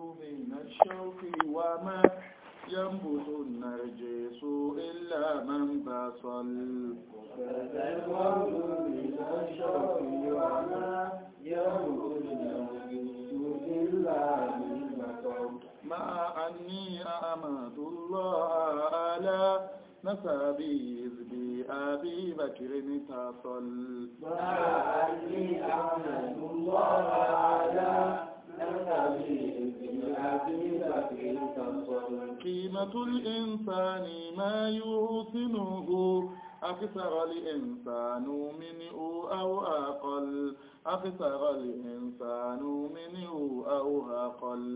من الشوك وما ينبت النرجس إلا من بصل فتزود من الشوك وما ينبت النرجس إلا من بصل مع أني أعمد الله على نسبي إذ بأبي بكر تصل مع أني أعمد الله على قيمة الإنسان ما يحسنه أكثر الإنسان منه أو أقل أكثر الإنسان منه أو أقل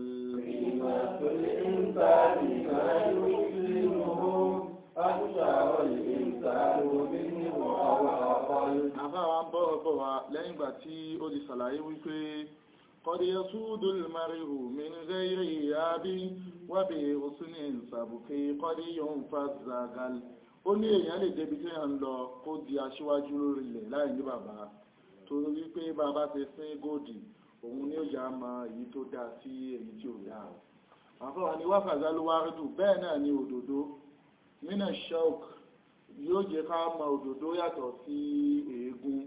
قيمة الإنسان ما يحسنه أكثر الإنسان منه أو أقل Àbáwọn bọ́ọ̀bọ̀ wa lẹ́yìn ìgbà tí ó di ṣàlàyé wípé قد يسود المرء من غير إياب وبحسن سبق قد ينفذ ذاقل ó ní èèyàn lè débi tí èèyàn ń lọ kó di aṣíwájú lórí ilẹ̀ láì ní bàbá torí wípé bàbá ti sín góòdì òun ni ó yà á mọ èyí tó dáa sí èyí tí ò dáa àfọwà ni wákàtí ló wá rí dùn bẹ́ẹ̀ ni òdòdó mina shock yóò jẹ́ ká mọ òdòdó yàtọ̀ sí èégún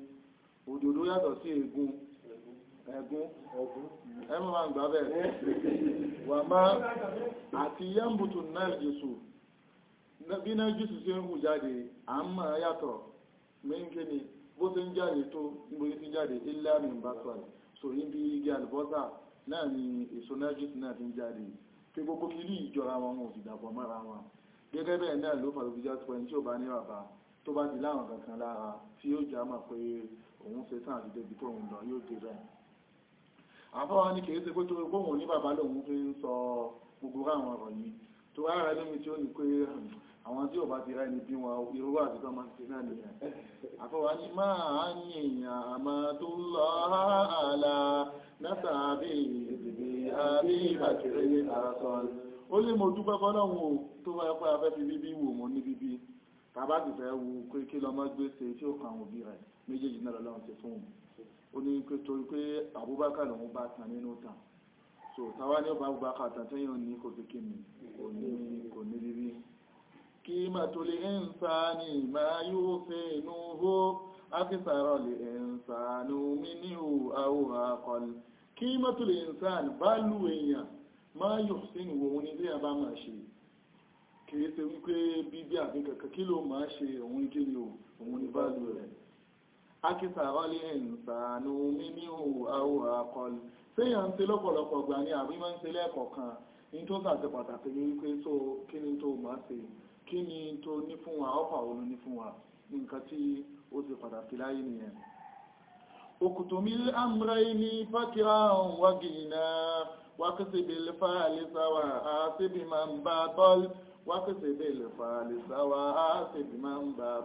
òdòdó yàtọ̀ sí èégún ẹ̀gún ẹ̀mọ́ máa ń gbà bẹ́ẹ̀ wà máa àti yẹ́mbùtù náà jésù bí náà jésù sí ń hù jáde à ń máa yàtọ̀ mẹ́ńkẹ́ ni bó ti ń jáde tó níbi tí jáde ilẹ̀ àmì ìbáṣọ́lẹ̀ so níbi igi àlùbọ́sà náà ni èso náà jésù náà ti ń jáde pé gbogbo kí ní ìjọra wọn ò sì dàpọ̀ mọ́ra wọn gẹ́gẹ́ bẹ́ẹ̀ náà ló fàlùbí jásù pẹ̀lú tí ò bá ní bàbá tó bá ti láwọn kankan lára tí yóò jẹ́ àmà pé òun ṣe sáà ti débi tó òun lọ yóò dé bẹ́ẹ̀ àfọwọ́ ní kìí ṣe pé tó gbóhùn ní bàbá lòun fi ń sọ gbogbo àwọn ọ̀rọ̀ yìí tó ara lómi tí ó ní pé hmm, àwọn tí ò bá ti ra ẹni bí wọn irú àti tó máa ti náà nìyà àfọwọ́ ní máa ń yìnyàn àmọ́ tó lọ àlà látàbí ìdìbì àbí ìbàkìrì àràsọ ó lè mo dúpẹ́ fọ́lọ́hun o tó ó ní pé torí pé Abubakar lòun bá tan nínú tàn so táwa ní ọba Abubakar tàn tẹ́yìn òní kò fi kíni kò ní rírí kí mà tó lè ń sa ni mà yóò fẹ́ inú hó akísàrọ̀ lè ń sa ni omi ní òhàwò àkọlù kí mà tó lè ń sa ni bá lù èèyàn má yóò sínú ní bá lù akísàrọ́ lè ń sàánú mímíhù àwọ̀ àkọlù séèyàn ń ṣe lọ́pọ̀lọpọ̀ gbà ní àbí máa ń ṣe lẹ́ẹ̀kọ̀ọ̀kan ní tó sàṣẹ pàtàkì ní wípé tó kí ni tó máa ṣe kí ni tó ní fún wa ọ̀pọ̀ àwọn ní fún wa nǹkan tí ó ṣe pàtàkì láyé nìyẹn òkùtùmí amúráyé ní fákìrá ọ̀hún wágìnà wákìsìbì lẹ́fà àlẹ́sáwà àṣìbì máa máa ń bá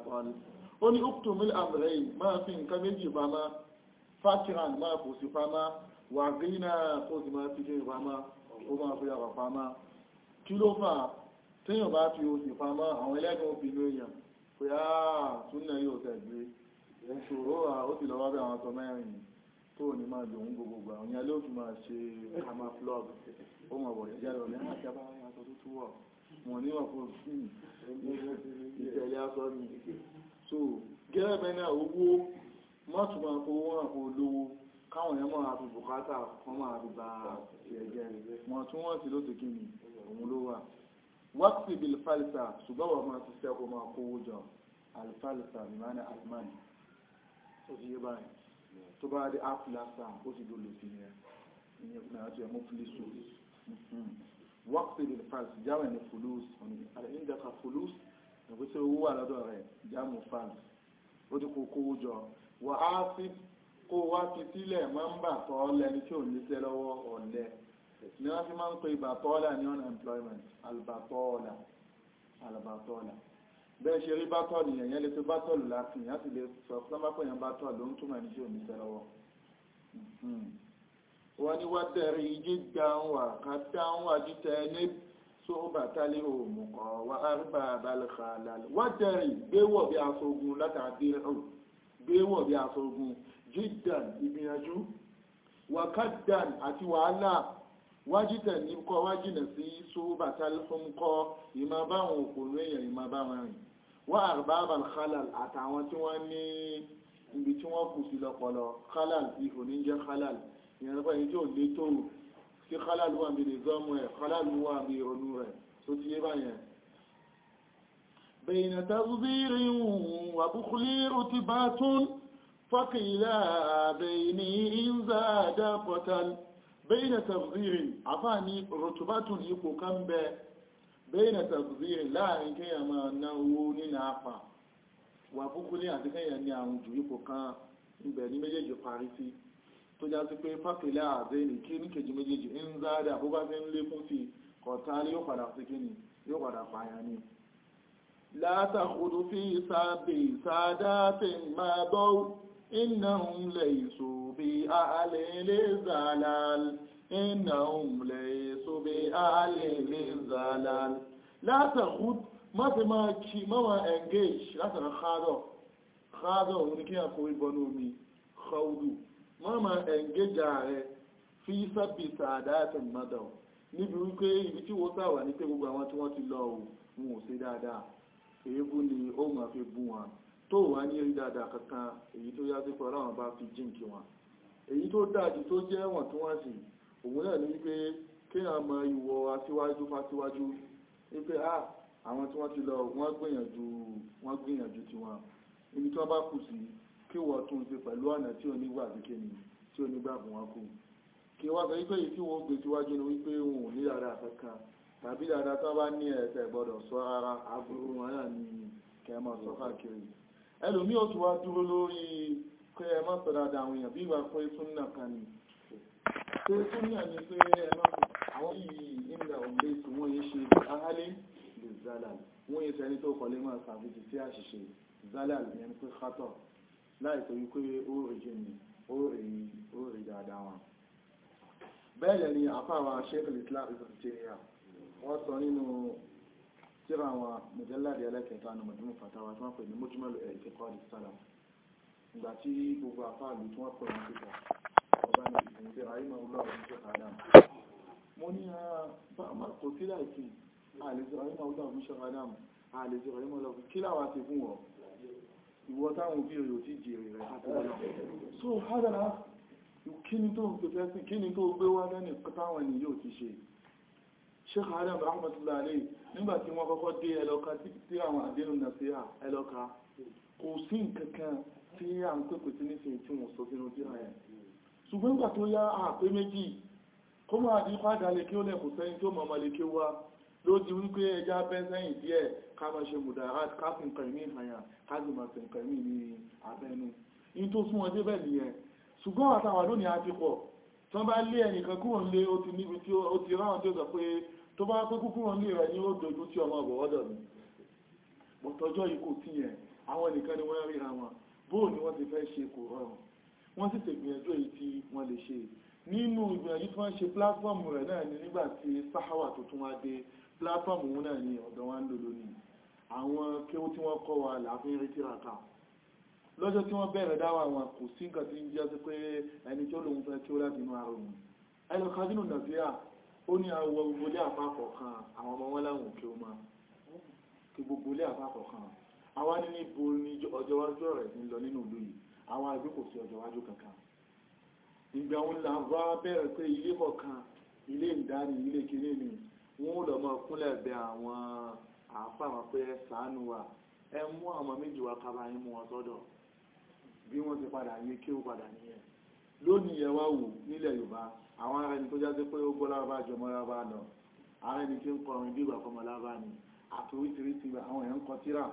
tọ́lù ó ní uktumil amrayn máa fi nǹkan méjì pamá fatiran máa kò sí pamá wà gínà kò sí máa fi gínà pamá ó máa fi àwọn pamá kí ló fà téèyàn bá fi òsì pamá àwọn ẹlẹ́gbẹ̀ẹ́ obìnrin èèyàn pé áà ah, túnà yóò tẹ̀gbé ìṣòro ó sì lọ́wọ́ bí àwọn sọ tó ní máa jò ń gbogbogbò àwọn yẹn ló fi máa ṣe àmà flog ó mọ̀ wọ̀rẹ̀ jẹ́ lọ́lẹ́ máa jẹ́ ah, bá aṣọ tó túwọ̀ wọn ìṣẹ̀lẹ̀ aṣọ mi so gẹ́gẹ́ bẹ́ẹ̀ náà owó mọ́tún máa fowó wọn kò lówó káwọn èèyàn máa fi bùkátà wọn máa fi bá ẹ̀jẹ̀ wọn tún wọ́n sí lóṣù kí ni òun ló wà wákìtì bil falsa ṣùgbọ́n wọn máa ti sẹ́kọ̀ máa kówó jọ alfalsa mìíràn almani ó ti yé báyìí tó bá dé afilasa ó ti lò lòsì yẹn ìyẹn fún àti ẹmú fúlísù wákìtì bil falsa jáwẹ̀ ní fulus ọ̀nà ìdàkà fulus ìpèsè owó wà lọ́dọ̀ rẹ̀ jáàmù fan ó ti kó kówó jọ wà á sí kó wá fi sílẹ̀ máa ń bà tọ́ lẹni tí ò ní sẹ́ lọ́wọ́ ọ̀lẹ ni wọ́n fi máa ń pe ìbàtọ́ọ̀là ní unemployment albatọ́ọ̀là albatọ́ọ̀là bẹ́ẹ̀ ṣe rí bátọ́ọ̀lù yẹn yẹn lè tó bátọ́ọ̀lù láti yẹn sì lè sọ sọ́mbàpọ̀ yẹn bátọ́ọ̀lù ó ń túmọ̀ ní tí ò ní sẹ́ lọ́wọ́ hmm. wọ́n ní wọ́n tẹ̀rí jíjà ń wà kátà ń wà jíjẹ níbi sóbàtà lè hò mùkọ́ wà arúgbà balùkà lálẹ́ wọ́n tẹ̀rì gbéwọ̀ bí aṣogun látàdé hàn gbéwọ̀ bí aṣogun jíjàn ìgbìyànjú wàkàdàn àti wàhálà wájítẹ̀ ní kọ́ wájìnà sí sóbàtà lọ́mùkọ́ ìmọ̀ báwọn òkùnrin èèyàn ìmọ̀ báwọn rìn wọ́n àrùbáàbàl khalal àtàwọn tí wọ́n ní ibi tí wọ́n kí kálálù wà níbi ìzọ́mù ẹ̀ kálálù wà níbi ìrònú rẹ̀ tó ti yé báyẹn bẹ̀yìnà tàbí wà búkúlé rútí bá tún fọ́kìlá bẹ̀yìnì ìzà dápọ̀tàl bẹ̀yìnà tàbí àfá ní rútùbátùn ipò kan bẹ bẹ̀yìnà tàbí láàrin kẹyà máa náwó nínú àfà wà búkúlé àti tó já sí pé fásilẹ̀ àzẹ́ni kí ní kejì méjèèjì ń záàdà bó bá fẹ́ ń lékún sí kọ̀tá yóò padà sí kíni yóò padà pààyàn ni látàkùdù fi sáàbì sáàdáàtì máa bọ́ innahum laysu bi ahli lizalal innahum laysu bi ahli wọ́n máa ẹ̀ǹgẹ́jà rẹ̀ fi sábì sàdáàtì mọ́dọ̀ níbi wípé ibi tí wọ́n sàwà ní pé gbogbo àwọn tí wọ́n ti lọ òun ò sí dáadáa èébú ni ó máa fi bú wọn tó wà ní rí dáadáa kankan èyí tó yá sí pé ọlọ́run bá fi jíǹkì wọn èyí tó dájú tó jẹ́ wọ̀n tó wọ́n sì òun náà ní wípé kí wọ́n mọ ìwọ aṣíwájú fáṣíwájú wípé ah àwọn tí wọ́n ti lọ wọ́n gbìyànjú wọ́n gbìyànjú tiwọn ibi tí wọ́n bá kù sí kí wọ́n tún ṣe pẹ̀lú ọ̀nà tí ò ní wà ní kíni tí ò ní gbàgbọ́n wọn kú kí wọ́n sọ wípé yìí tí wọ́n gbé síwájú ni wípé wọn ò ní dáadáa kankan tàbí dáadáa tó bá ní ẹ̀ẹ́sẹ̀ gbọ́dọ̀ sọ ara aburú wọn náà ní kẹmọ sọ káàkiri ẹlòmí ò tún wá dúró lórí pé ẹ àwọn èèyàn bí ìgbà pé súnà kan ni pé súnà ni pé ẹ àwọn yìí nígbà òǹgbé láì torí pé ó rèjì ni ó rèjì ó rèjì dáadáa wọn bẹ́ẹ̀lẹ̀ ni àfáwà sheikh islam ibn taymiya wọ́n sọ nínú tíra wọn mujalladi ẹlẹ́kẹta ní mọ̀júmù fatawa tí wọ́n pè ní mọ́júmọ́lù ẹ̀ẹ́dẹ́kọ́ọ̀dì sálà ìgbà tí gbogbo àfáàlú tí wọ́n pè ní pípọ̀ ọba ní ìfúnṣe àìmọ̀ ọlọ́run ní ṣẹ́ka adam mo ní ah, kò ìwọ táwọn òbí rẹ̀ ò jèrè rẹ̀ so hádàlá kíni tó pẹ̀fẹ́sìn kíni tó gbé wá lẹ́nì táwọn ènìyàn yóò ti ṣe Sheikh Adam rahmatullahi alayhi nígbàtí wọ́n kọ́kọ́ dé ẹlọ́ka tí àwọn àdínun nà sí à ẹlọ́ka kò sí nǹkankan tí à ń pèpè sí nífẹ̀ẹ́ tí wọ́n sọ sínú tí àyẹ̀ ṣùgbọ́n nígbà tó yá àpé méjì kó máa di ká máa ṣe mùdà ká fi nǹkan ìmí ìhàyà ká sì máa fi nǹkan ìmí ní àtẹnu in tó sún ọdẹ bẹ́ẹ̀ nìyẹn ṣùgbọ́n àtàwà lónìí àti pọ̀ tó bá lé ẹnìkan kúrò lé ó ti níbi tí ó ti ráhùn tí ó sọ pé tó bá pé kúkúrò lé rẹ̀ ní ó dojú tí ọmọ ọ̀bọ̀ ọ̀dọ̀ mi bọ̀tọ́jọ́ ni wọ́n ríra wọn bóò ni wọ́n ti fẹ́ ṣe kò rọrùn wọ́n sì tẹ̀gbìyànjú èyí tí náà ni nígbà wá ń lò lónìí àwọn kí ó tí wọ́n kọ́ wa láàfin rí tíraka lọ́jọ́ tí wọ́n bẹ̀rẹ̀ dáwà wọn kò sí nǹkan tí ń jẹ́ sí pé ẹni tó lòun fẹ́ kí ó láti inú ara òun ẹlọ́kadínù nàìjíríà ó ní àwọ gbogbo ilé àpapọ̀ kan àwọn ọmọ wọn láwọn òkè ọmọ kí gbogbo ilé àpapọ̀ kan àwa ní níbo ní ọjọ́ iwájú rẹ̀ ń lọ nínú ìlú yìí àwa kò sí ọjọ́ iwájú kankan ìgbà òun là ń bá bẹ̀rẹ̀ pé ilé kọ̀ọ̀kan ilé ìdáni ilé kìíní ni wọ́n lọ mọ́ kúnlẹ̀ bẹ àwọn àáfà wọn pé ẹ ṣàánú wa ẹ mú àwọn méjì wa kaba yín mú wọn sọ́dọ̀ bí wọ́n ti padà yé kí ó padà nìyẹn lónìí ẹ wá wò nílẹ̀ yorùbá àwọn ará ẹni tó jáde pé ó gbọ́ lábá jọmọ́ lábá lọ ará ẹni tí ń kọrin bí ìgbà kọmọ lábá ni àti oríṣiríṣi àwọn èèyàn ń kọ síra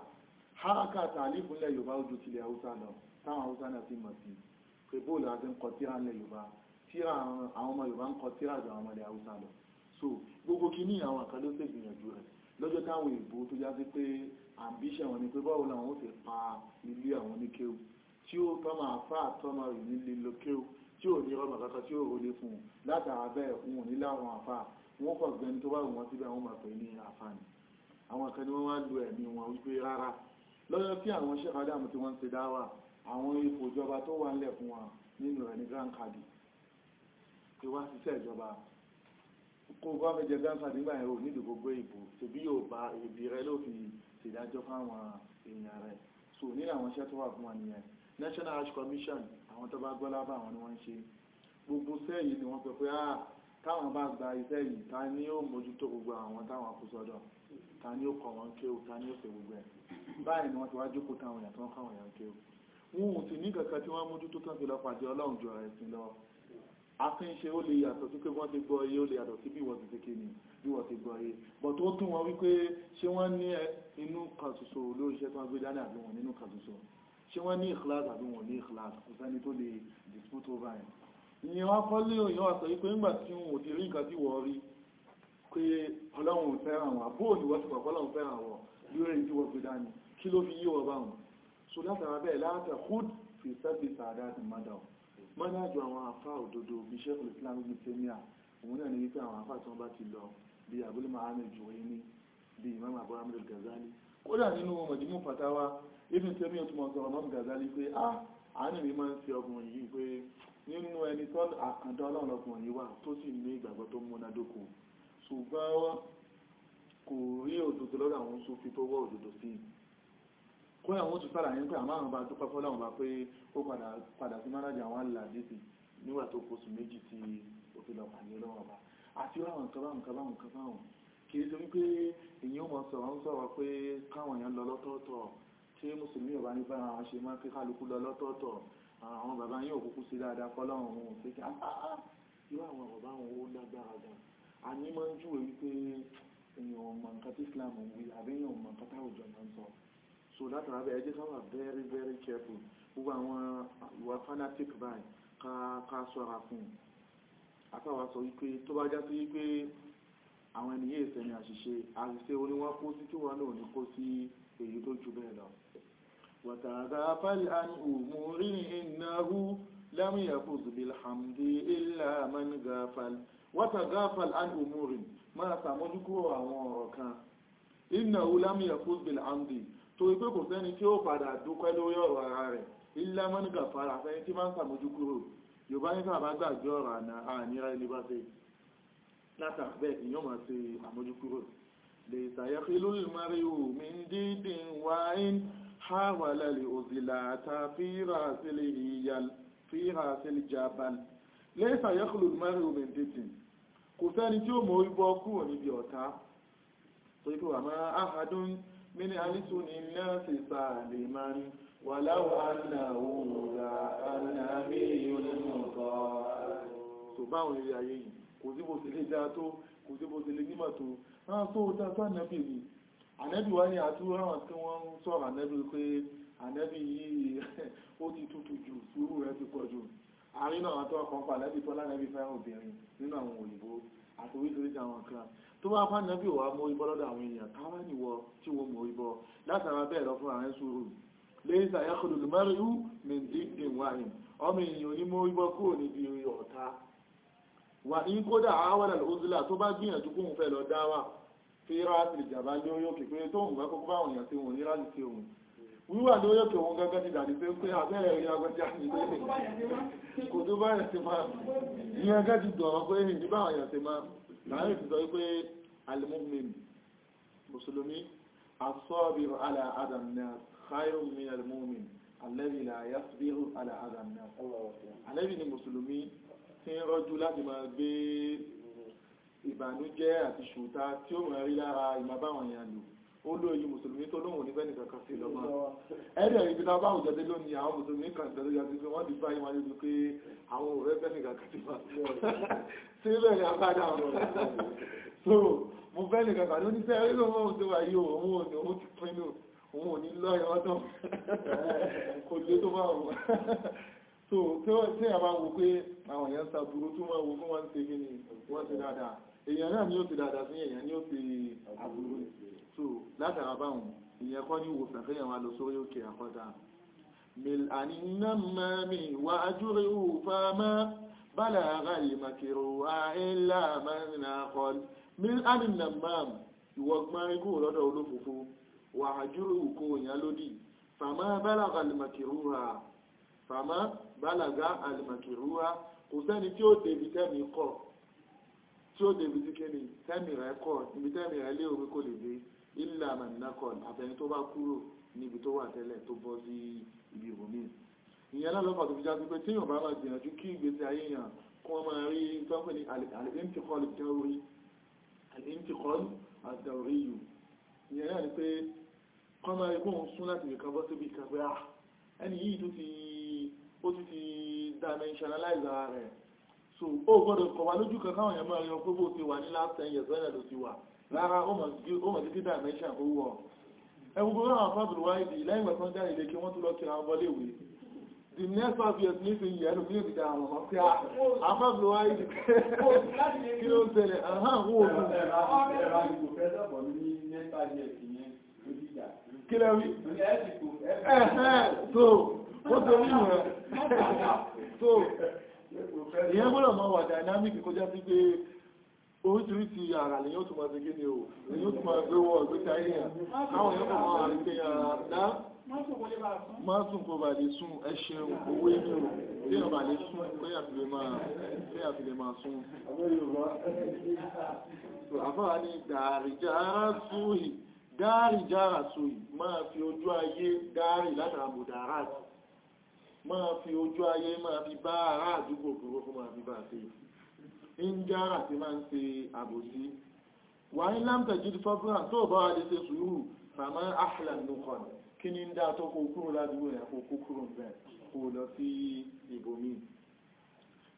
háàkà tàlífúnlẹ̀ yorùbá ojú tilẹ̀ haúsá lọ táwọn haúsá náà ti mọ̀ sí pé bóòlù àti ń kọ síra ńlẹ̀ yorùbá síra àwọn ọmọ yorùbá ń kọ síra àjọ àwọn ọmọ haúsá lọ so gbogbo kí ní àwọn àkàlóṣègbìyànjú rẹ̀ lọ́jọ́ táwọn ìbò tó já sí pé ambition wọn ni pé báwo làwọn ó ti pa ilé àwọn ní kéwù tí ó tọ́ máa fà tọ́ máa rìn ní lílo kéwù tí ò ní rọ́bà kankan tí ó rọlé fún un látara bẹ́ẹ̀ wọn ò ní àfà wọn kọ̀ gbẹni tó bá wù wọn síbẹ̀ àwọn máa pè ní àfà ni àwọn kan ni wọ́n wá lo ẹ̀mí wọn wípé rárá lọ́jọ́ tí àwọn ṣẹ́kọ̀ adáàmú tí wọ́n ń ṣe dáwà àwọn ipò ìjọba tó wà ńlẹ̀ fún wọn nínú ẹ̀ ní grand card ti wá ṣiṣẹ́ ìjọba kó o bá fẹ́ jẹ dáńsà nígbà yẹn o nídìí gbogbo ìbò tòbí yóò bá èbì rẹ ló fi ṣèdájọ́ fáwọn èèyàn rẹ so nínú àwọn iṣẹ́ tó wà fún wọn nìyẹn National Ash Commission àwọn tó bá gbọ́ lábá àwọn ni wọ́n ń ṣe gbogbo iṣẹ́ yìí ni wọ́n pẹ́ pé ah táwọn bá gba iṣẹ́ yìí ta ni ó mójútó gbogbo àwọn táwọn kú sọ́dọ̀ ta ni ó kọ̀ wọ́n kéwù ta ni ó fẹ́ gbogbo ẹ̀ báyìí ni wọ́n ti wá a fi ń ṣe ó lè yàtọ̀ sí pé wọ́n ti gbọ́ iye ó lè yàtọ̀ sí bí wọ́n ti ṣe kéènì bí wọ́n ti gbọ́ iye but ó tún wọn wípé ṣé wọ́n ní inú kan ṣoṣo lórí iṣẹ́ tí wọ́n gbé dání àbí wọn nínú kan ṣoṣo ṣé wọ́n ní ìkìláàsì àbí wọn ní ìkìláàsì kò sẹ́ni tó lè dispute over ẹ̀ ìyẹn wá kọ́ lé òyìn wàsọ wípé nígbà tí wọn ò ti rí nǹkan tí wọ́n rí pé ọlọ́run fẹ́ràn wọn àbó òní wọ́n ti pàpọ́ ọlọ́run fẹ́ràn wọn lórí ẹni tí wọ́n gbé dání so látara bẹ́ẹ̀ látara hood fi sẹ́fì sàádá ti má mọ́nájú àwọn afá òdodo bí sẹ́kùn islam bí tẹ́míà òun náà ní wípé àwọn afá tí wọ́n bá ti lọ bí abúlé mahamud juwaini bí imam abu hamid gazali kódà nínú mọ̀dínmù fatawa ibi tẹ́míà tó mọ̀ sọ̀rọ̀ mọ́m gazali pé ah àánú mi máa ń fi ọkùnrin yìí pé nínú ẹni tó àkàndá ọlọ́run ọkùnrin yìí wà tó sì ní ìgbàgbọ́ tó múnádóko ṣùgbọ́n kò rí òdodo lọ́dọ̀ àwọn sófin tó wọ́ òdodo sí i kóyà wọ́n tún sára yẹn pé àmọ́ àwọn ọba tó pẹ́ fọ́lá ọba pé ó padà sí mánájà àwọn alàdìsí nígbà tó fóṣù méjì tí ó fi lọ pàdé lọ́wọ́ ọba àti ọ̀rọ̀ nǹkan báwọn nǹkan báwọn nǹkan báwọn kì í torí pé èyí ó mọ sọ̀rọ̀ ń sọ̀rọ̀ pé káwọn èèyàn lọ lọ́tọ̀ọ̀tọ̀ tí mùsùlùmí ọba ní bára wọn ṣe máa ń pé kálukú lọ lọ́tọ̀ọ̀tọ̀ ah, ah, ah. Islam ń wí àbẹ́yàn ọmọ nǹkan táwùjọ máa ń so látara bẹ́ẹ̀ ẹjẹ́ sáwà very very careful gbogbo àwọn ìwà fanatic by ká ṣọ́ra fún àtàwà sọ wípé tó bá já sí wípé àwọn ènìyàn ìsẹ̀mì àṣìṣe àṣìṣe oníwá kó sí tí wà náà ní kó sí èyí tó jù bẹ́ẹ̀ lọ wàtàdà fàlì àni òmùrí ìnáhú lámìyàfòsù bilhamdi ilá tó ipé kò sẹ́ni tí ó padà dúpẹ́ lórí ọ̀rọ̀ ara rẹ̀ ilẹ̀ mọ́nìkà fara fẹ́ni tí máa ń sàmójú kúrò yorùbá ní sábà gbàgbé ọ̀rọ̀ àníra ilé bá fẹ́ látàrí ni yóò máa ṣe àmójú kúrò lè ṣàyẹ́fẹ́ lórí mario mi ń dídín wáyín háwàlẹ̀ lè òzìlà ta fíra sílẹ̀ jabal lè ṣàyẹ́fẹ́ lórí mario mi ń dídín kò sẹ́ni tí ó mọ̀ ibọ́ kúrò níbi من ألسن الناس سالما ولو أنه ذا النبي المطاع ti lè dáa tó kò sí bó ti ànẹ́bì wá ní àtúrà àwọn tí wọ́n ń sọ̀rọ̀ ànẹ́bì pé ànẹ́bì yìí ó ti tútù jù sùúrù rẹ̀ ti pọ̀ jù àárín àtọ́ ọkọ̀ pàlẹ́bì tó lánẹ́bì fẹ́ràn obìnrin nínú àwọn òyìnbó àti oríṣiríṣi àwọn kan tó bá fún ànábì wà mú ibọ́ lọ́dọ̀ àwọn èèyàn táwọn ìwọ tí wọ́n mú ibọ́ látara bẹ́ẹ̀ lọ fún àwọn ẹ̀sùn lẹ́yìn sàyẹ́kọ̀dù lùmọ́rìú ní dídìn wáyìn ọmọ èèyàn ní mú ibọ́ kúrò níbi ọ̀tá wà ní kódà àwọ̀dà lóòzílà tó bá gbìyànjú kóhun fẹ́ lọ dáwà fi ráàtì ìjàmbá ní orókè pé tóhun bá kókó báwọn èèyàn tí wọ́n ní ráàtì tí òun wíwà ní orókè òun gẹ́gẹ́ ti dàbí pé pé abẹ́rẹ́ rí agbẹ́jáde tí kò tó bá yẹ̀ sí máa ní ẹgẹ́ ti dọ̀rọ̀ pé ní bí báwọn yẹ̀ sí máa láàrin ti sọ wípé alimumin musulumi asọ́bir ala adam nas khairun min alimumin alẹ́bí la yasbir ala adam nas alẹ́bí ni musulumi olóyìn mùsùlùmí tó lóhun níbẹ̀ nìkan kan sí lọ́mọ ẹ̀rẹ̀ ibi tá bá àwùjọ dé lónìí àwọn mùsùlùmí kan tẹ̀lé ya sí pé wọ́n ti báyìí wáyé wípé àwọn ọ̀rẹ́ bẹ́ nìkan kan ti wá sí bẹ́ẹ̀ ni abájá àwọn ọ̀rẹ́ so mo fẹ́ nìkan kan ló ní sẹ́ ẹ̀rẹ́ lọ́wọ́ òun tó wà yìí òun ò ní òun ti pinnu òun ò ní lọ́yọ̀ ọdún kò lé tó bá wọn a bá wo pé àwọn èèyàn sa burú tó máa ṣe kí ni wọ́n ti èèyàn náà ni ó ti dáadáa sí èèyàn ni ó ti àbúrú so látara báwọn ìyẹn kọ́ ní ìwòsàn kéèyàn wá lọ sórí òkè àkọ́dá mil'ani namami wa ajúrí ufama balaga limakiru a illa man aqal mil'ani namami ìwọ̀gbọ́n ikú lọ́dọ̀ olófòfó wà ajúrí ukó ìyá lódì fama balaga limakiru ha fama balaga alimakiru ha kò sẹ́ni tí ó débi tẹ́mi kọ̀ tí ó débi rẹ̀ kọ̀ ibi tẹ́mi rẹ̀ lé orí kò lè dé ilà mànìlákọ̀ àtẹni tó bá kúrò níbi tó wà tẹ́lẹ̀ tó bọ́ sí ibi ìbòmí ìyẹn lọ́lọ́pàá tó fi jáde pé tíyàn bá bá gbìyànjú kí ìgbésí ayé yàn wọ́n máa rí tọ́pẹ́ ní àlèmtíkọ́lù dẹ́rùrí àlèmtíkọ́lù ìyẹn náà ni pé kọ́ máa rí kóhun sún láti lè kọbọ́ síbi ìkàgbé à ah, ẹni so ó gbọ́dọ̀ kọ̀wà lójú kankan àwọn èèyàn máa rí ọ pé bó ti wà rárá ó mọ̀ sí títà mẹ́ṣà náà fábùrù wáìdì lẹ́yìn ẹ̀kan jáde lè kí wọ́n tún lọ kí àwọn bọ́lé ìwé the next of years ní fi yẹ̀ẹ́lù ní ìdíjà àwọn ọmọ pé ah, àfábùrù dynamic kó já sí oríṣiríṣi àrà lè yóò tún máa ṣegé ní o lè yóò tún máa gbé wọ ìgbésí ayé yàn káwọn yóò kọ̀ máa rí pé àdá ah, máa sùn kó bà lè sùn ẹṣẹ owó inú o tí ọba lè sùn pé àfilè máa pé àfilè máa sùn. àfáà ni dàríjà sùhì dàrí jára sùhì máa fi ojú ayé dàrí látara mùdàrá máa fi ojú ayé máa fi bá ará àdúgbò gbogbo fún máa fi bá a ń jára tí máa ń ṣe àbòsí wà ní lámtàjí fọ́bùnà tó bá wà lè ṣe sùúrù fàmá àhìlà nùkan kí ní ń dá tó kó kúrò ládùúgbò rẹ̀ kó kó kúrò bẹ̀ kó lọ sí ibòmí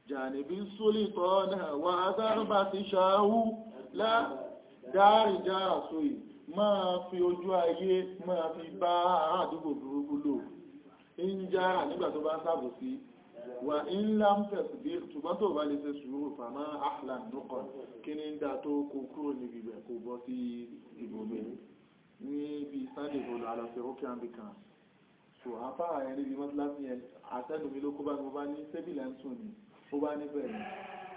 jànìbí sólìtọ́ náà wà azárúbà ti ṣàáhú láàárí sóyì máa fi ojú ayé máa fi bá àdúgbò burúkú lò ń jára nígbà tó bá sábòsí wà ń lámtẹ̀ sí ṣùgbọ́n tó bá lè ṣe sùúrù fàmá ahlan nukọ̀ kí ní dá tó kó kúrò níbi ibẹ̀ kó bọ́ sí ìbòmí níbi sunday bọ̀lọ̀ àlọ́fẹ́ ókè àmìkan so afá ẹ̀ níbi mọ́tíláṣí ẹ̀ àtẹ́lùmí ló kó bá mo bá ní sẹ́bìlẹ̀ ń sùn ni ó bá ní bẹ̀rẹ̀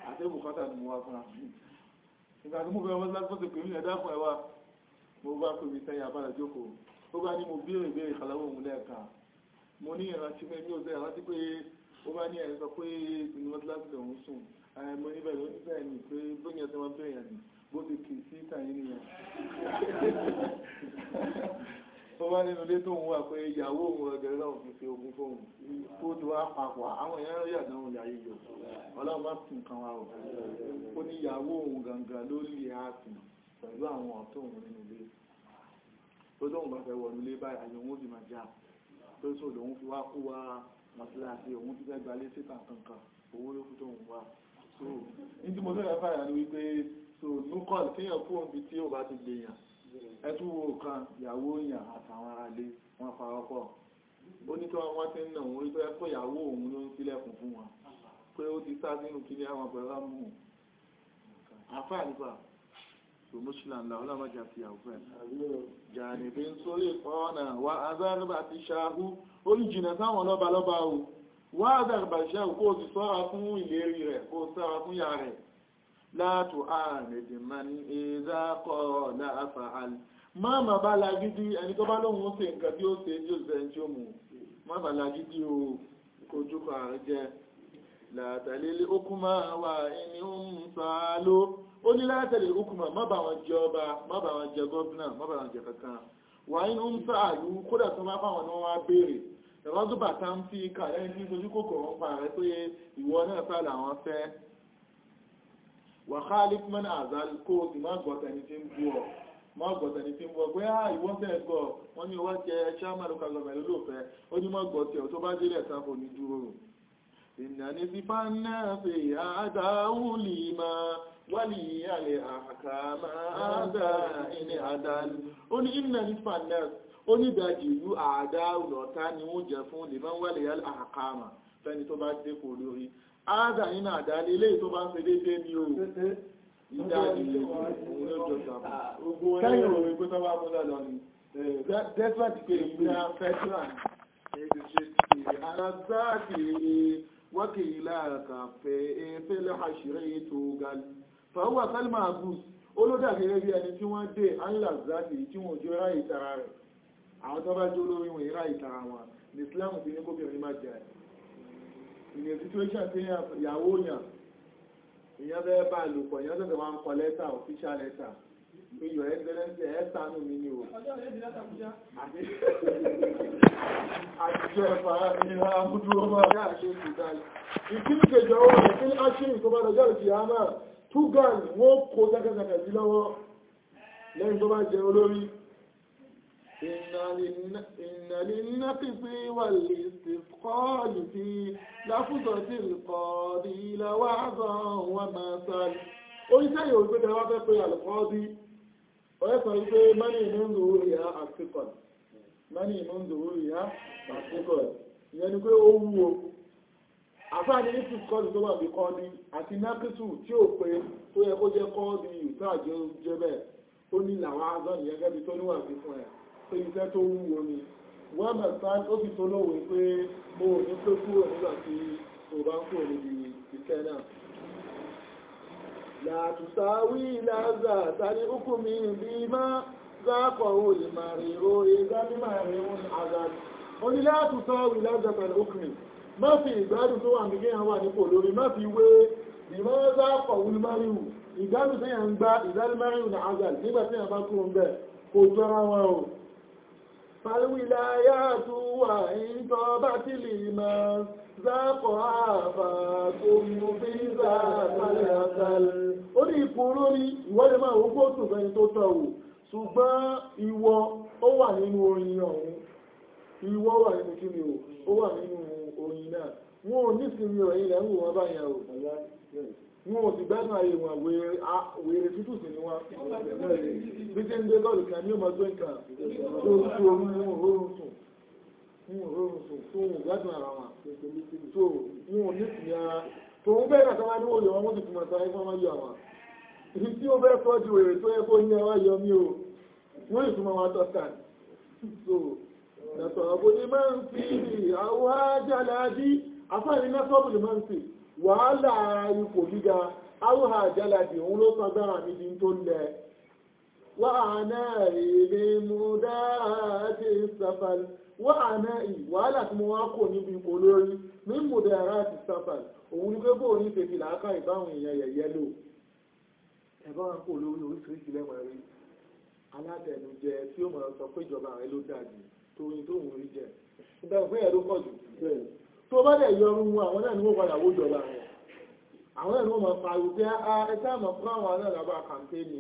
àtẹ́bùkátà ni mo wá fún àmì nígbà tí mo fẹ́ mọ́tíláṣí fọ́sẹ̀ pèmí ẹ̀dá fún ẹwà mo bá pèmí sẹ́yìn abára jókòó ó bá ní mo bí èrè ìbéèrè kàlàwò òun lẹ́ẹ̀kan mo ní ìrántí pé mi ò sẹ́ ìrántí pé ó bá ní ẹ̀rí sọ pé ìpinnu mọ́tíláṣí lòun sùn mo ní bẹ̀rẹ̀ ó ní bẹ́ẹ̀ ni pé bóyá tí wọ́n bẹ̀rẹ̀ ni bó ti kì í sí ìtàyín nìyẹn ó bá nínú ilé tóun wà pé ìyàwó òun ọ̀gẹ̀rẹ́ náà fi fi ogun fóun kó tó wá papọ̀ àwọn èèyàn rí àdánwò yàyè yọ ọlọ́run bá tún kan wa o ó ní ìyàwó òun gangan lórí ààtùn pẹ̀lú àwọn ọ̀tọ́ òun nínú ilé tó tóun bá fẹ́ wọnú ilé báyìí àyẹ̀wò ó sì máa já tó sòdò òun fi wá kó wa mọ̀síláàsì òun ti fẹ́ gbalé síta kankan owó ló kú tó ń wá so ní tí mo fẹ́ fàyà ni wípé so nukọ́l kéèyàn kú òun bí tí ò bá ti gbèyàn ẹtú wo kan ìyàwó yàn àtàwọn alẹ́ wọn fara pọ̀ ó ní tí wọ́n ti ń nà òun rí pé ẹ̀kọ́ ìyàwó òun ló ń sílẹ̀kùn fún wọn pé ó ti sá sínú kí ní àwọn pẹ̀lú àmú àfáà nípa ومشلا لولا ما جاء فيها وفين جانب صريقنا وأذربت شاه ó ń jìnà sáwọn lọ́ba lọ́ba o wá àdàgbàṣẹ́ kó o sì sọ́ra fún ìlérí rẹ̀ kó o sọ́ra fún yà rẹ̀ látò ààrẹ̀dì mani ìzákọ̀ láàfà àlì má má bá lagídí ẹni tó bá lóhun ó ṣe nǹkan bí ó ṣe tí ó ṣe ẹni tí o kojú kọ àrùn jẹ látàlélé okùnmá wà ẹni ó ń sọ á ló ó ní látàlélé okùnmá wàá inú ń sá àlú kódà tó bá fáwọn náà wá béèrè ìrọ́dúbà tá ń fi kàlẹ́ ní ojú kòkòrò ń pa rẹ pé ìwọ náà fẹ́ làwọn fẹ́ wàhálif mẹ́nà àzàlì kó o sì má gbọ́tẹ̀ni tí ń bú ọ má gbọ́tẹ̀ni tí ń bú ọ pé wali yale akama ada ini adan ó ní inna nifa nas ó ní daji ìlú àádá ọ̀nà ni wọ́n jẹ fún liman wali yale akama fẹ́ni tó bá dé kò lórí ada iná àdá lélé tó bá ń fẹ́ dédé ní o ìdájì ìlú òun ló jọ sàbọ̀ ogun ẹ̀yìn òun pé tó bá mú lọ́lọ́ ni eh, dẹ́sùwàtí pé ìgbà fẹ́tíwà alágbáàkì wákìlá kàfẹ́ fẹ́lẹ́ àṣírí tó galù fàáwà kalma abus ó ló dà gẹ́gẹ́ bí ẹni tí wọ́n dé allah zaki tí wọ́n jọ ra ìtara rẹ̀ àwọn tó bá jó lórí wọn ìra ìtara wọn ní islam ti ní kóbìnrin má jẹ ìyẹn situation tí ìyàwó yàn ìyẹn bẹ́ẹ̀ bá lò pọ̀ ìyẹn tẹ̀sẹ̀ wọn kọ lẹ́tà official letter pé your excellency ẹ̀ sànù mi ni o àtijọ́ ẹ̀fà ìlà àmúdúró máa dá àṣẹ ìsìnkú ìkẹjọ ọwọ́ ìpínlẹ̀ àṣírí tó bá lọ jọ́rọ̀ ti hàn náà túgàn wọ́n kó zẹ́gẹ́zẹ́gẹ́ sí lọ́wọ́ lẹ́yìn tó bá jẹ olórí ìnàlélẹ́pìpì wà lè ṣe kọ́ọ̀lù sí láfúsọ̀ sí ìkọ̀ọ̀dì ìlàwà àzọ̀ wọn máa sáré oníṣẹ́ yóò gbé dáwà fẹ́ àfáàní ní fífi kọ́ọ̀dù tó wà bí kọ́ọ̀dù àti nákìtù tí ò pé tó yẹ kó jẹ́ kọ́ọ̀dù ìtọ́ àjọ jẹ́ bẹ́ẹ̀ tó ní làwọn azọ́ nìyẹn gẹ́bí tó níwà sí fún ẹ̀ pé iṣẹ́ tó wúwo ni wọ́n mẹ́ta ó fi tó lówe pé mo ò ní pé kúrò nígbà tí mo bá ń kúrò níbi iṣẹ́ náà. làtùsáwí làzà tani ukumi bí má zákọ̀ òye màrìnrò ìgbà ní màrìnrò àzà onílàtùsáwí làzà tani ukumi má fi ìgbádùn tó wà ní kéèyàn wà nípò lórí má fi wé ìmọ́lọ́dá pọ̀wúlú márìwù ìgbádùn tó yàn ń gba ìdálú márìwù ní azal nígbà tí yàn bá kúrò ń bẹ̀ kò jọra wọn o falwila ya tuwa ìjọ bá ti lè mọ zákọ̀ àbà tó mú bí zákàlẹ̀ azal ó ní ipò lórí ìwọ́lẹ̀ máa wọ́n gbóòtù fẹ́ni tó tọ̀ wò ṣùgbọ́n ìwọ ó wà nínú òun náà wọn ò nísìnyí ọ̀yìn rẹ̀ ń wò wọn báyẹn o wọn ò sì gbádùn ààyè wọn wèrè tútù sí ni wọn bí tí ń gbé lọ́ọ̀lù kan ní ọmọ gbé nǹkan tó ń tú omi wọn òórùn sùn wọn òórùn sùn tó wọn gbádùn ara wọn tó wọn ò nísìnyí ara tó ń bẹ́ẹ̀ kàtàwá ní òòyọ̀ wọn ti fùmọ̀ sáyé fún ọmọ yọ àwọn ibi tí ó bẹ́ fọ́jú wèrè tó yẹ kó ní ẹwà yọ mí o wọ́n ìtumọ̀ wọn tọ́ta so nẹ́sọ̀bù ni máa ń fi àwọn ajálàájí afáàní nẹ́sọ̀bù ni máa ń fi wàhálà ipò gíga àwọn ajálàájí òun ló sọ dára mi di tó lẹ̀ wàhánà èdè mú dáàtì safal wàhánà ì wàhálà tí mo wá kò níbi ipò lórí mi mú dáàtì safal òun ni pé bóòrí tètè làákà ìbáwọn èèyàn yẹ̀yẹ́ lò ẹ̀bá wọn kò lórí oríṣiríṣi torí tó wọ́n rí jẹ ìbẹ̀rù fún ẹ̀rọ pọ̀ jù tó bá dẹ̀ yọrù wọn àwọn náà ni wọ́n padà wó jọba wọn àwọn náà ni wọ́n máa pariwo pé a ẹ̀ta àmọ̀ fún àwọn náà lábá kàmpéènì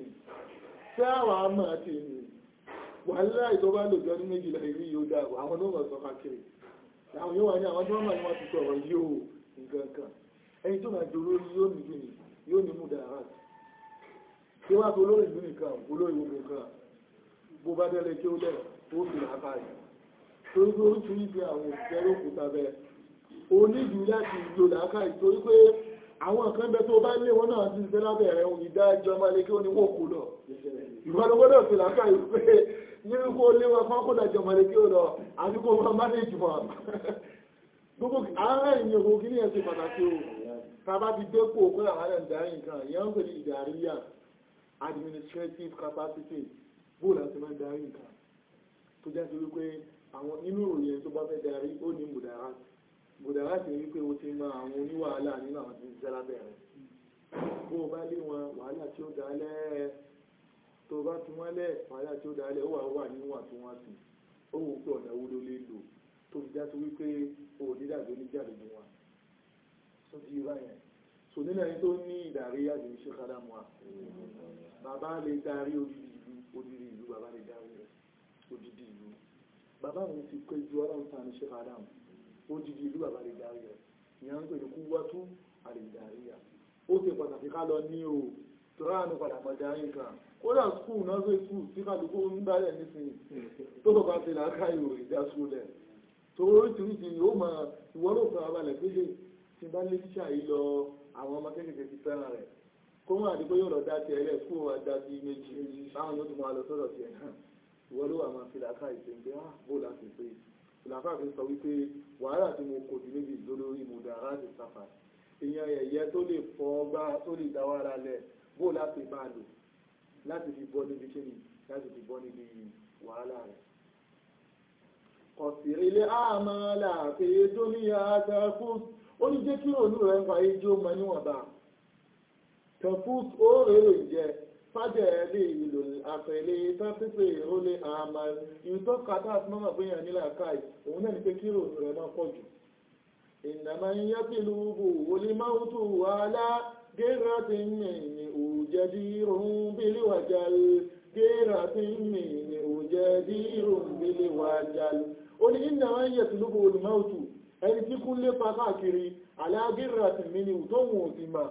tí àwọn àmọ̀ ti ní wàhálà tó bá lòjọ́ ní méjìlá ìrí yóò dà àwọn náà mọ̀ sọ káàkiri àwọn yóò wà ní àwọn tí wọ́n mọ̀ ní wọ́n ti sọ̀rọ̀ yóò nǹkan kan ẹni tó máa jòrò yóò ní gíní yóò ní mú dára tí wọ́n á fi olórin ìlú nìkan olórin gbogbo bó bá dẹ́lẹ̀ kí ó lẹ̀ ó fi làákàyè torí pé oríṣiríṣi àwọn òṣìṣẹ́ ló kù sábẹ́ o nídìí láti ìlò làákà ìtorí pé àwọn nǹkan bẹ tó bá lé wọn náà ti ṣe lábẹ́ rẹ̀ òun ìdájọ́ máa lé kí ó ní wò kú lọ ìfọdọ́gbọ́dọ̀ sí làákà ìlú pé nínú kó lé wọn fún kódàjọ máa lé kí ó lọ àti kó máa máa lè jùmọ̀ gbogbo àárẹ̀ ìyẹn kò kí ní ẹ̀sìn pàtàkì o tàbá ti dépò kó làwọn ẹ̀dá nǹkan ìyẹn ń administrative capacity bóòlù àti máa darí nǹkan tó jẹ́ sí wípé àwọn nínú ìròyìn tó bá fẹ́ darí ó ní mùdàrá mùdàrá ti rí pé o ti mọ àwọn oníwàhálà nínú àwọn tí ń ṣiṣẹ́ lábẹ́ rẹ̀ bó o bá lé wọn wàhálà tí ó dálẹ́ tó o bá tún wọn lẹ̀ wàhálà tí ó dálẹ́ ó wà wà níwọ̀n tí wọ́n sì ó wò pé ọ̀nà wo ló lè lò tó fi já sí wípé o ò dídàgbé oníjàde ní wọn tó ti rí báyẹn so nínú ẹni tó ní ìdarí àjòyí ṣe kádà mọ́ a bàbá lè darí odidi ìlú odidi ìlú bàbá lè darí odidi ìlú bàbá òun ti pé ju ọlọ́run tán ní ṣẹ́fà dáhùn ó dìdì ìlú bàbá lè darí rẹ̀ ìyá ń pè ní kú wá tún àlè darí rẹ̀ ó ṣe pàtàkì ká lọ ní o tọ́lá àánú padà mọ̀ darí kan kódà skul náà fẹ́ skul tí kálukú ń dálẹ̀ nísìnyí tó bàbá ti là ká ìrò ìdá sólẹ̀ tó oríṣiríṣi ni ó máa ìwọ́n ló fara balẹ̀ pélé tí bá lé tíṣà yìí lọ àwọn ọmọ kékeré ti fẹ́ràn rẹ̀ kó wọn àdìgbò yóò lọ dá tiẹ̀ lẹ̀ skul wa dá sí méjì báwọn yóò tún máa lọ sọ́dọ̀ tiẹ̀ náà ìwọ ló wà máa fi làákà ìṣẹ̀ǹgbẹ́ ah bó láti pé làákà fi sọ wípé wàhálà tí mo kò dì níbi ìdólórí mo dà láti sàfà èèyàn ẹ̀yẹ tó lè fọ ọgbà tó lè dáwọ́ ara lẹ̀ bó láti máa lò láti fi bọ́ níbi kíni láti fi bọ́ níbi wàhálà rẹ̀ ọ̀sìn ilé àmà làákè tó ní àtàkùn ó ní jẹ́ kí òlú rẹ̀ ń fa ijó mọ níwọ̀nba tẹ̀fún ó rèé lè jẹ́ fájẹ̀ẹ́lì ìlò àfẹ̀lẹ̀ tápẹ́pẹ́ ó lé àmà ìrútọ́ kàtà àtúnmọ́mà pé yàn nílà káì òun náà ni pé kírò rẹ̀ máa pọ̀ jù ìnàmà yẹ́ pẹ̀lú bò wọlé máa ń tó wà lá gẹ́rà ń mìn ní òjẹ́ dírùn bílé wàjà gẹ́rà tí ń mìn ní òjẹ́ dírùn bílé wàjà ó ní ìnàmà yẹ́ pẹ̀lú bò wọlé máa tó ẹni tí kún lépa káàkiri àlágẹ́rà tí mìn ní òtọ́wọ̀n òtìmà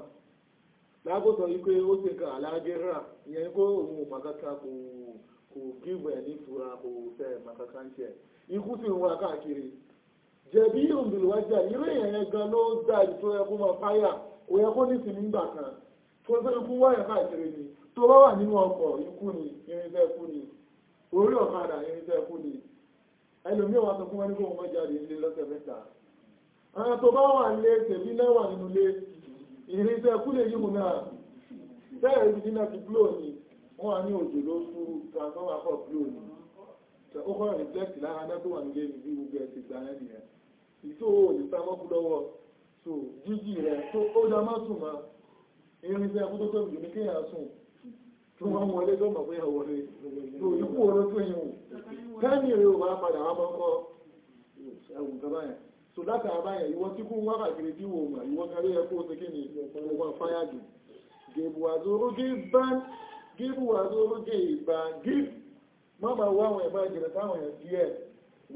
lágbóso wípé ó ṣe nǹkan àlágẹ́rà ìyẹn kó òun màkàkà kò kò gíwẹ̀ ní fura kò fẹ́ màkàkà ń ṣe ikú sì ń wá káàkiri jẹ̀bi òǹdùlùwájà irú èèyàn yẹn gan ló dá ìtò ẹkú máa fáyà kò yẹ kó nísìn nígbà kan tó ń sẹ́yìn fún wáyà káàkiri ni tó bá wà nínú ọkọ̀ ikú ni irinṣẹ́ ikú ni orí ọ̀kadà irinṣẹ́ ikú ni ẹlòmíràn wà sọ fún wọn ní kó wọn jáde ilé lọ́sẹ̀ mẹ́ta àwọn tó bá wà nílé tèmi náà wà nínú ilé ìrìnsẹ̀ kúlẹ̀ yíò náà bẹ́ẹ̀ ìdínà ti bló ní wọ́n a ní òjò ló sú transformer for bló ní ó kọ́ reflect lára náà tó wà ní gẹ́gẹ́ bí gbogbo ẹ̀sìn ìgbà náà nìyẹn ìtò òní sámọ́kú lọ́wọ́ so jíjì rẹ̀ tó ó dá má sùn mọ́ ìrìnsẹ̀ kú tó tóbi jù ní kéèyàn sùn tó máa ń wọlé tó mọ̀ pé ẹ̀ wọlé tó ikú oró tó yẹn wò tẹ́ẹ̀mì rẹ̀ ò bá padà wá mọ́kọ́ ẹ̀wù kan báyẹn so láti àbáyẹ ìwọ tí kún wákà kiri tí wò mà ìwọ kárí ẹkú ó ti kí ni ọmọ fáyà jù gẹ̀bù àzórógé ìbán gẹ̀bù àzórógé ìbán gẹ̀bù má bá wá àwọn ẹ̀bá ìjẹ̀rẹ̀ táwọn ẹ̀ díẹ̀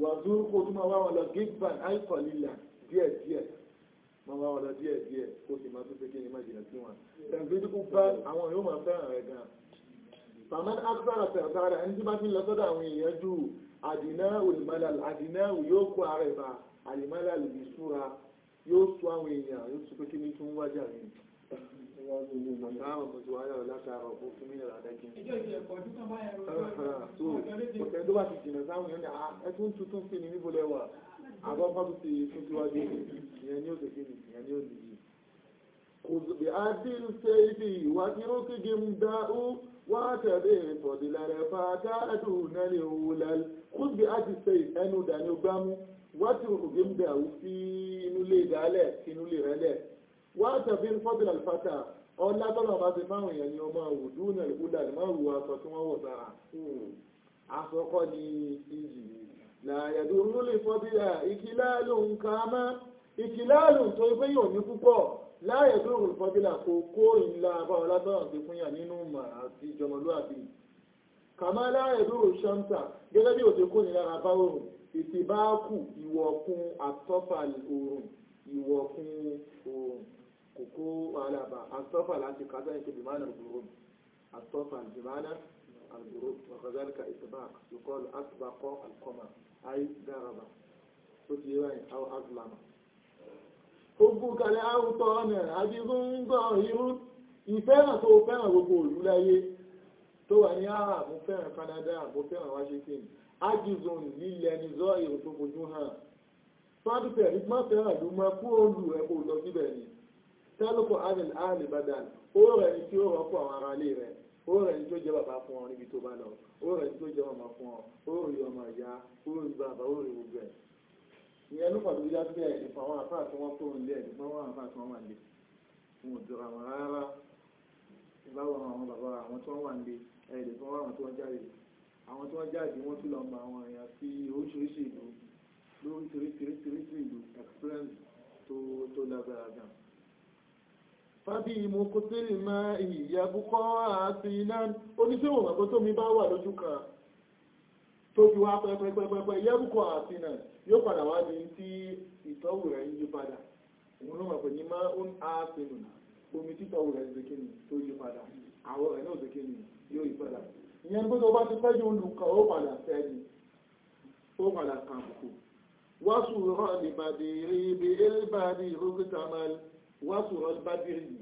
wà zórókó tó máa wá wọn lọ gẹ̀bàn àìkọ̀ lílà díẹ̀ díẹ̀ má wá wọn lọ díẹ̀ díẹ̀ kó sì máa tó fi kí ni má jìnà sí wọn tẹ̀gbẹ́dì kú bá àwọn yóò máa fẹ́ràn rẹ̀ gan fàmán ákùsára tẹ̀sára ẹni tí bá ti lọ sọ́dọ̀ àwọn èèyàn ju àdínáwò ìmọ̀lá àdínáwò yóò kó ara ẹ̀ bá Alimala lè súra yóò sọ àwọn èèyàn yóò sọ pé kí ní ah, ah, tún wájà rẹ̀ àbọ́pá tó ti fún síwájú ìyẹn ni ó tẹ̀kí ni ìyẹn ni ó lè yìí kùzùbí àdínú ṣe ibi ìwà tí ó kí gí ń dá ó wá tẹ̀lé ìtọ̀dìlẹ̀ rẹ̀ fàájá ẹ̀dùn náà lè wùlẹ̀ kùzùbí àti ṣe ìfẹ́nu dàní gbámú wátí òkùnkè ń bẹ̀ àwù sí inú ilé ìdálẹ̀ sí inú ilé ìrẹ́lẹ̀ wá tàbí fọ́bìlà àlùfáàtà ọlá tọ́lọ̀ bá ti fáwọn èèyàn ni ọmọ òdú náà lùkúdà ní máa wù aṣọ tí wọ́n wọ̀ sára aṣọ kọ́ ni ìjì làyàdù rúlé fọ́bìlà ìkìláàlù nǹkan á mọ́ ìkìláàlù tó pé yóò ní púpọ̀ láyàdù rúlé fọ́bìlà kò kó ìlà àbáwọn látọ̀ràn ti fún yà nínú màá àti ìjọmọlúàbí kàmá láyàdù rúlé ṣọ́ńtà gẹ́gẹ́ bí òṣèkó ní lára báwòrùn ìtìbáàkù ìwọ̀kun àtọ́fàl oòrùn ìwọ̀kun oòrùn kòkó alàbà àtọ́fàl àti kàtàkì tó bìmánà gbòòrùn àtọ́fàl bìmánà الغروب وكذلك إطباق يقال أطبق القمر أي ضرب فتيوان أو أظلم حبك لأوطان عزيز ظاهر ìfẹ́ràn tó fẹ́ràn gbogbo ìlú láyé tó wà ní àà ah, mo fẹ́ràn Canada Washington ájìzùn lílẹ̀ ní zọ́ èrò tó fojú hàn fábítẹ̀ ní má fẹ́ràn ló máa kú òòlù ẹ̀ kó lọ síbẹ̀ ni tẹ́lùkù anil ahli badal ó rẹ̀ ní tí ó rọ́pò àwọn ará ilé rẹ̀ ó rẹ̀ ní tó jẹ́ bàbá fún ọ níbi tó bá lọ ó rẹ̀ ní tó jẹ́ màmá fún ọ ó rí ọmọ ìyá ó rí bàbá ó rí gbogbo ẹ̀ ìyẹn ló pàdé yá sí ẹ̀ nípa àwọn àfáà tí wọ́n tó ń lé ẹ̀ nípa àwọn tí wọ́n jáde wọ́n tún lọ mọ àwọn èèyàn sí oríṣiríṣi ìlú lóríṣiríṣiríṣiríṣi ìlú experience tó tó lágbára gan. fábí mo kó sílẹ̀ máa ìyá púpọ̀ àti iná oníṣòwò àgbọ̀ tómi bá wà lójú kan tó fi wá pẹ́pẹ́pẹ́pẹ́ ìyá púpọ̀ àti iná yóò padà wá di tí ìtọ́wò rẹ̀ ń yí padà òun ló mọ̀ pé ní máa ń á pinnu omi títọ́wò rẹ̀ ń ṣe kí ni tó yí padà àwọ̀ rẹ̀ náà ṣe kí ni yóò yí padà ìyẹn gbọ́dọ̀ bá ti fẹ́jú olùkọ́ ó padà fẹ́ni ó padà kàǹkù wásùrọ̀ ìbàdìrí ibi elbàdì rúkútàmàlì wásùrọ̀ ìbàdìrí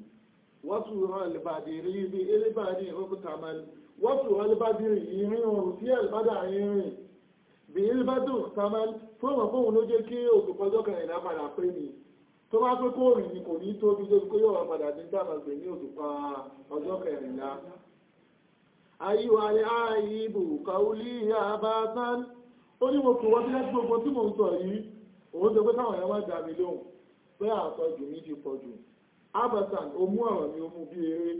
wásùrọ̀ ìbàdìrí ibi elbàdì rúkútàmàlì wásùrọ̀ ìbàdìrí ìrìn òrùn sí ẹ̀lbádà ìrìn bí elbàdì rúkútàmàlì fóònù fóònù ló jẹ́ kí òkùnkọjọ́ kan ìlà padà pé ni tó bá pé kóòrùn ni kò ní tóbi lórí pé yóò padà ní dáàmà ní òkùnkọ ọjọ́ kẹrìnlá ayíwa lè ààyè ibò kàúlì àbáṣán ó ní mo kò wọ́n tí lẹ́tí gbogbo tí mò ń sọ yìí òun tó pé káwọn ẹ̀wọ̀n gbà mí lóhùn pé àtọ́jù mi ti pọ̀ jù àbáṣán ó mú ọ̀rọ̀ mi ó mú bí eré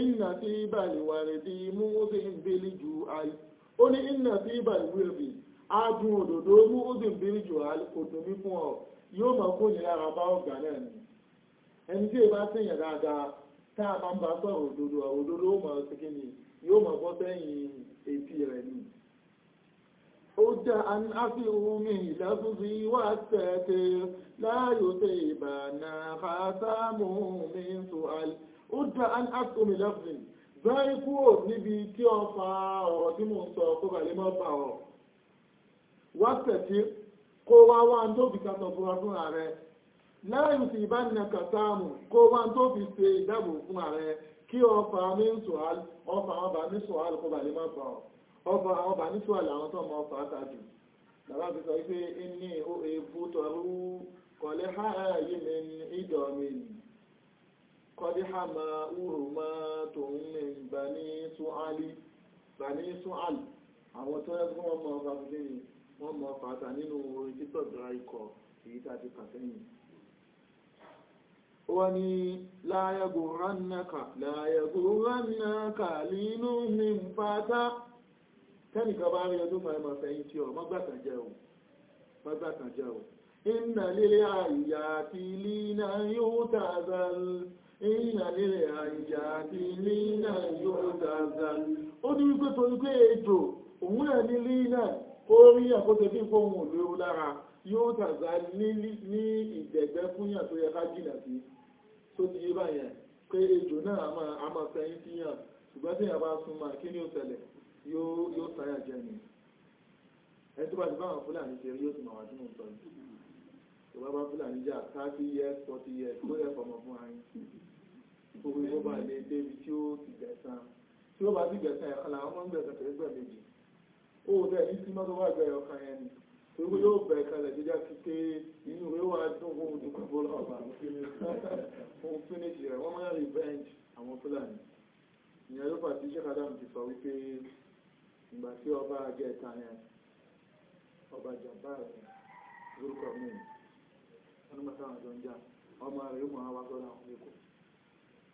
ìnà tí ìbàlẹ̀ wà rẹ̀ tí mú ó sì ń bẹ́lí ju ayé ó ní ìnà tí ìbàlẹ̀ wíìlì adùn òdòdó mú ó sì ń bẹ́lí ju ayé kò dùn mí fún ọ yóò mọ̀ kó nira ara bá ọ̀gá náà ni ẹni tí ìbá sèyàn dáadáa tá a máa ń bá sọ̀rọ̀ òdodo òdodo ó mọ̀ ọ́ sí kí ni yóò mọ̀ bọ́ sẹ́yìn etí rẹ̀ ni ó já an áfíhùnmí láfúfí wà tẹ́tẹ́ láàyò tẹ́ ìbànà fàásámù mi ń tó alì ó já an áfíhùnmí láfúfí báyìí kúrò níbi tí ọ fa ọ̀rọ̀ tí mo ń sọ kó bàlẹ́ mọ́ bá ọ̀rọ̀ wà tẹ́tẹ́ kó wá wá ń tó fi kàtọ̀ fúnra fúnra rẹ̀ láàyò tẹ́ ìbànà kàtàmù kó wá ń tó fi ṣe ìdáàbò fúnra rẹ̀ kí ọfà mi ń sòhál ọfà àwọn bàmí sòhál kó bàlẹ́ má fà ọ́ ọfà àwọn bàmí sòhál àwọn tó ọmọ ọfà àtàjù bàbá mi sọ pé ní ebú tọrú kọ̀lẹ́ ha ayé mi ní ìdọ̀ mi kọ́dí ha máa wúrò máa tòun mi bàní sòhálì bàní wọ́n ní láyẹ̀gùn ránnákà láyẹ̀gùn ránnákà nínú mi ń pátá tẹ́nìkan bá rí ọdún mọ̀ ẹmọ̀ fẹ̀yìn tí ọ mọ́gbàtàn jẹ́ o mọ́gbàtàn jẹ́ o iná lílé àìyà àti ilé iná yóò tààzàl ó ní wípé torí pé ètò òun ẹ̀ ní ilé náà ó rí àkóso kí fóun ò lára yóò tààzàl ní ìdẹ̀gbẹ́ fúnyà tó yẹ ká jìnà sí tó ti yé báyẹn pé ejò náà a máa sẹ́yìn tí yàn ṣùgbọ́n tí yàn bá sún máa kí ní ó tẹ̀lẹ̀ yóò sáyà jẹ́ ni ẹni tó bá ti báwọn fúlàní ṣe yóò sì máa wà nínú sọ tó bá bá fúlàní jà thirty years forty years ló yẹ fọmọ fún ayé gbogbo ìwọ bá lè débi tí ó ti gbẹ̀san tí ó bá ti gbẹ̀san ẹ̀ ọ̀la ọmọ ń gbẹ̀san tẹ̀lé gbẹ̀mejì ó torí yóò bẹ̀ kalẹ̀ jíjá ti pé inú rẹ̀ wà dùn fún ìdúkọ̀ bọ́lá ọ̀bà fún fínísì rẹ̀ wọ́n máa rí bẹ́ẹ̀jì àwọn fúlàní ìyẹn ló pàtí iṣẹ́ kádàmù ti sọ wípé ìgbà tí ọba ajẹ́ ẹ̀ta yẹn ọba jàmbá rẹ̀ lórúkọ míì wọn ní mọ̀tàwọn jọ ń jà ọmọ rẹ̀ yóò mọ̀ wá sọ́dọ̀ àwọn ẹ̀kọ́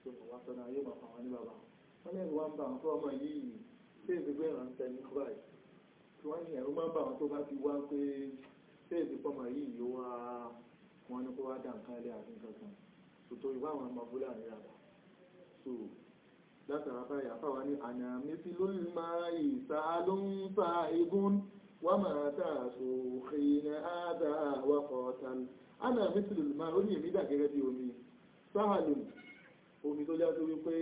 tó mọ̀ wá sọ́dọ̀ yóò mọ̀ fún àwọn ní bàbá wọn lẹ́nu wá ń bá àwọn fún ọmọ yìí tí ìgbégbé ìrántẹ́ ní kúráì tí wọ́n ní ẹ̀rù máa ń bà wọn tó bá ti wá pé fẹ́ẹ̀sì pọ́mọ yìí yóò wá wọn ní kó wá dà nǹkan ilé àti nǹkan kan tòtò ìwà àwọn ọmọ fúlà ní àbá so látara báyà fáwa ní ànàmí sí lórí máa ìsá ló ń fa igun wà máa tàà sókè ní àdá wakọ̀ tàbí ànàmí sí lórí máa ó ní èmi dà gẹ́gẹ́ bí omi sáhàlùm omi tó já sí wípé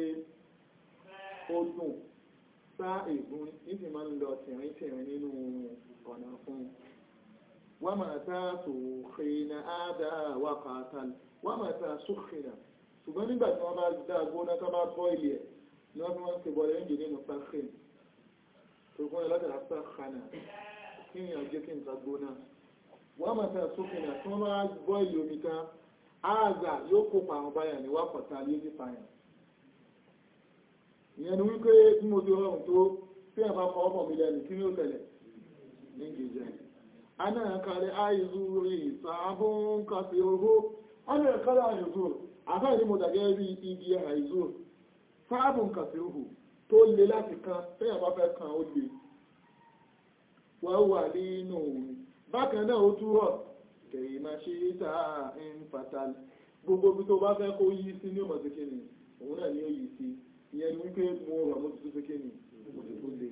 ó dùn sá ègún níbi máa ń lọ tìrín tìrín nínú ọ̀nà fún wa ma ta tukhina ada wa qatal wa ma ta sukhina ṣùgbọ́n nígbà tí wọ́n bá dá gbóná tó bá kọ́ ilẹ̀ ní wọ́n fi wọ́n ti bọ́lẹ̀ ń jẹ́ nínú sáfìn tó gbọ́n lọ́tàrà sáfànà kí ìyẹn ni wípé tí mo ti rọrùn tó tí ẹ̀ bá fọ ọmọ mi lẹ́nu kí ní ó tẹ̀lẹ̀ ní ìjìjẹ aná kàrí àìzú rí ìsàbùn kàfí oró aná kàrí àìzú àfáà ní mo dàgẹ́ rí igi àìzú fáàbùn kàfí oró tó le láti kan tí ẹ̀ bá fẹ́ kan ó le wọ́n wà nínú bákan náà ó túrọ̀ kẹ̀yìn máa ṣe ìta ń fatal gbogbo bí tó bá fẹ́ kó yí sí ní ọmọ òun náà ni ó yí sí ìyẹn ni wípé mo rọ̀ mo ti tó fẹ́kẹ́ ni mo ti tó le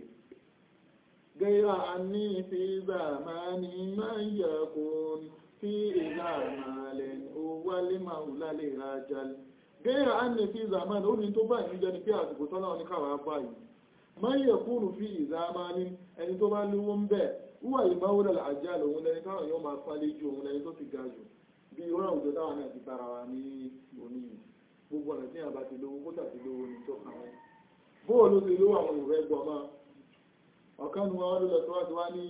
gẹ́yà ní fi ìgbà máa ní máa ń yẹ kún fi ìgbà máa lẹ̀ owó alẹ́ máa wù lálẹ́ ìrajà gẹ́yà á ní fi ìgbà máa ní ó ní tó bá ìrìnjẹ́ ni pé àsìkò tọ́lá oníkàwà báyìí máa ń yẹ kúrù fi ìgbà máa ní ẹni tó bá lówó ń bẹ̀ wúwà ìmáwòrán àjá lòun lẹni táwọn yóò máa pálé ju òun lẹni tó ti ga jù bí irú àwùjọ táwọn náà ti bára wa ní òní gbogbo ọ̀nà tí àbá ti lówó kódà ti lówó ní tó kàwọn bóò ló ti lówó àwọn òrẹ́ gbọ́ máa ọ̀kan nu wọn lọ síwájú wá ní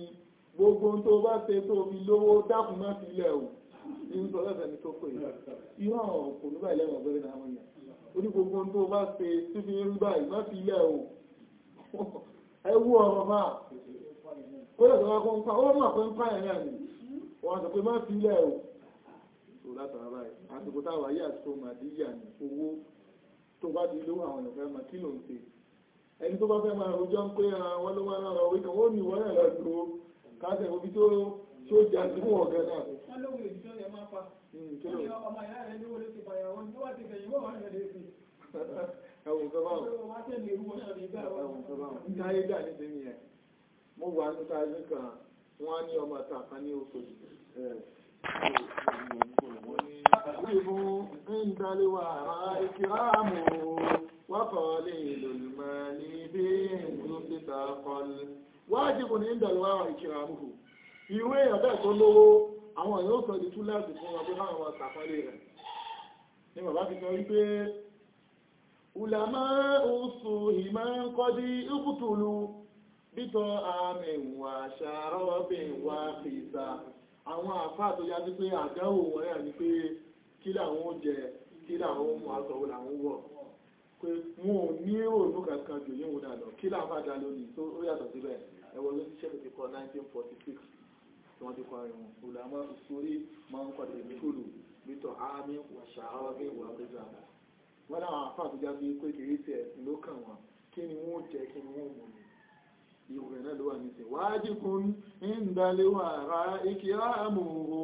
gbogbo tó bá ṣe tó fi lówó dákun náà ti lẹ̀ ò ní sọ lọ́sẹ̀ ní tó pè é irọ́ kò ní báyìí lẹ́wọ̀n gbẹ́rẹ́ náà wọ̀nyà ó ní gbogbo tó bá ṣe tó fi rí báyìí má fi lẹ̀ ò ẹ wú ọ̀rọ̀ máa ó lọ́sọ̀ wá kó ń pa ó mà pé ń pààyàn náà tó látara báyìí àsìkò táwà yí àsìkò màdíyà ní owó tó bá ti lówó àwọn èèyàn fẹ́ máa kí ló ń ṣe ẹni tó bá fẹ́ máa rojọ́ ń pé ah, wọn ló wá lára orí kan ó ní ìwọ́n náà lọ káṣẹ̀ omi tó tó jà sí fún ọ̀gá náà. wọ́n lówó ìjọ yẹn máa fa hmm, ọmọ ìyá rẹ̀ lówó ló ti fàyà wọn tó wá ti fẹ̀yìn wọ́n wọ́n á ní التعليم عند ara إكرام وقليل المال بهم يتقل واجب عند إكرامه ìwé lówó àwọn èèyàn sọ di fún ọgbẹ́ rẹ̀ ni bàbá fi sọ wípé ulama oṣù ìmọ̀ ń kọ́ di ìkùtùlù bítọ́ àmì ìwà ṣàrọ́bìn wà fìsà àwọn àfáà tó yá sí pé kí làwọn ó jẹ kí làwọn ó làwọn wọ̀ pé wọn ní òòlù kankan jò yíwò náà lọ kí làwọn àdá lónìí tó ó yàtọ̀ síbẹ̀ ẹ̀wọ̀ ló ti ṣẹ́kù ti kọ 1946 tí wọ́n ti kọ ẹ̀wọ̀n olùdámọ́ ìsorí máa ń kọ́ tèmi kúlù mítọ̀ ámì wàṣà áwọ́gbé ìwà pẹ́sà wọ́n láwọn àfáà tó jáde pé kìí ṣe ló kàn wọ́n kí ni wọ́n jẹ kí ni wọ́n mọ̀ ní ìwòrán náà ló wà nísìn wájú kún ń dalẹ́wà rà ìkìlá àmúhò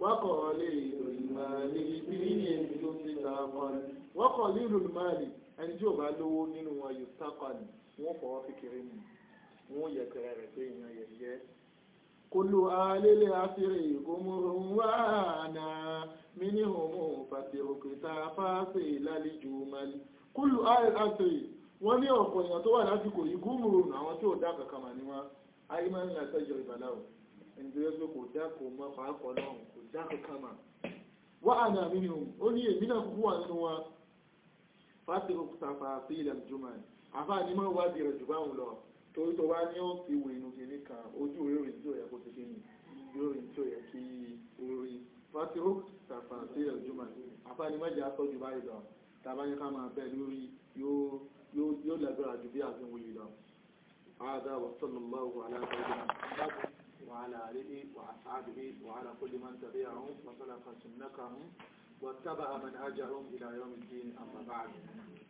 وقليل المال بهم يستقل وقليل المال ẹni tí ò bá lówó nínú wọn yustaqal wọn fọwọ́ kékeré nù wọn yẹ kẹrẹ rẹ pé èèyàn yẹ yẹ. kulu alele afiri gomorun wa na minihumu fasirukuta fasi laliju mali kulu alele afiri wọn ní ọ̀pọ̀ èèyàn tó wà lásìkò yìí gomorun àwọn tí ò dá kankan ní wọn ayé máa ń yàtọ̀ ìjọba láwọn ẹnìtọ́jọ́ pé kò dá kò mọ́ pàápọ̀ lọ́hùn kò dá kò kàmà wá àná mi ni òun ó ní èmi náà kúkú wà nínú wa fásitì òkúta fàáfí ilẹ̀ jùmọ̀ àfà ní mọ́ wádìí rẹ̀ jù báwọn lọ torí tó wá ní ó fi wò inú kìíní kan ojú orí tí ó yẹ kó ti kí ni lórí tí ó yẹ kí orí fásitì òkúta fàáfí ilẹ̀ jùmọ̀ àfà ní mọ́jà sọ́jú báyìí lọ tàbá ní ká máa bẹ́ẹ̀ lórí yóò lágbára jù bí àfihàn wòye lọ. هذا وصلى الله على سيدنا محمد وعلى آله وأصحابه وعلى كل من تبعهم وسلك سنكهم واتبع منهجهم إلى يوم الدين أما بعد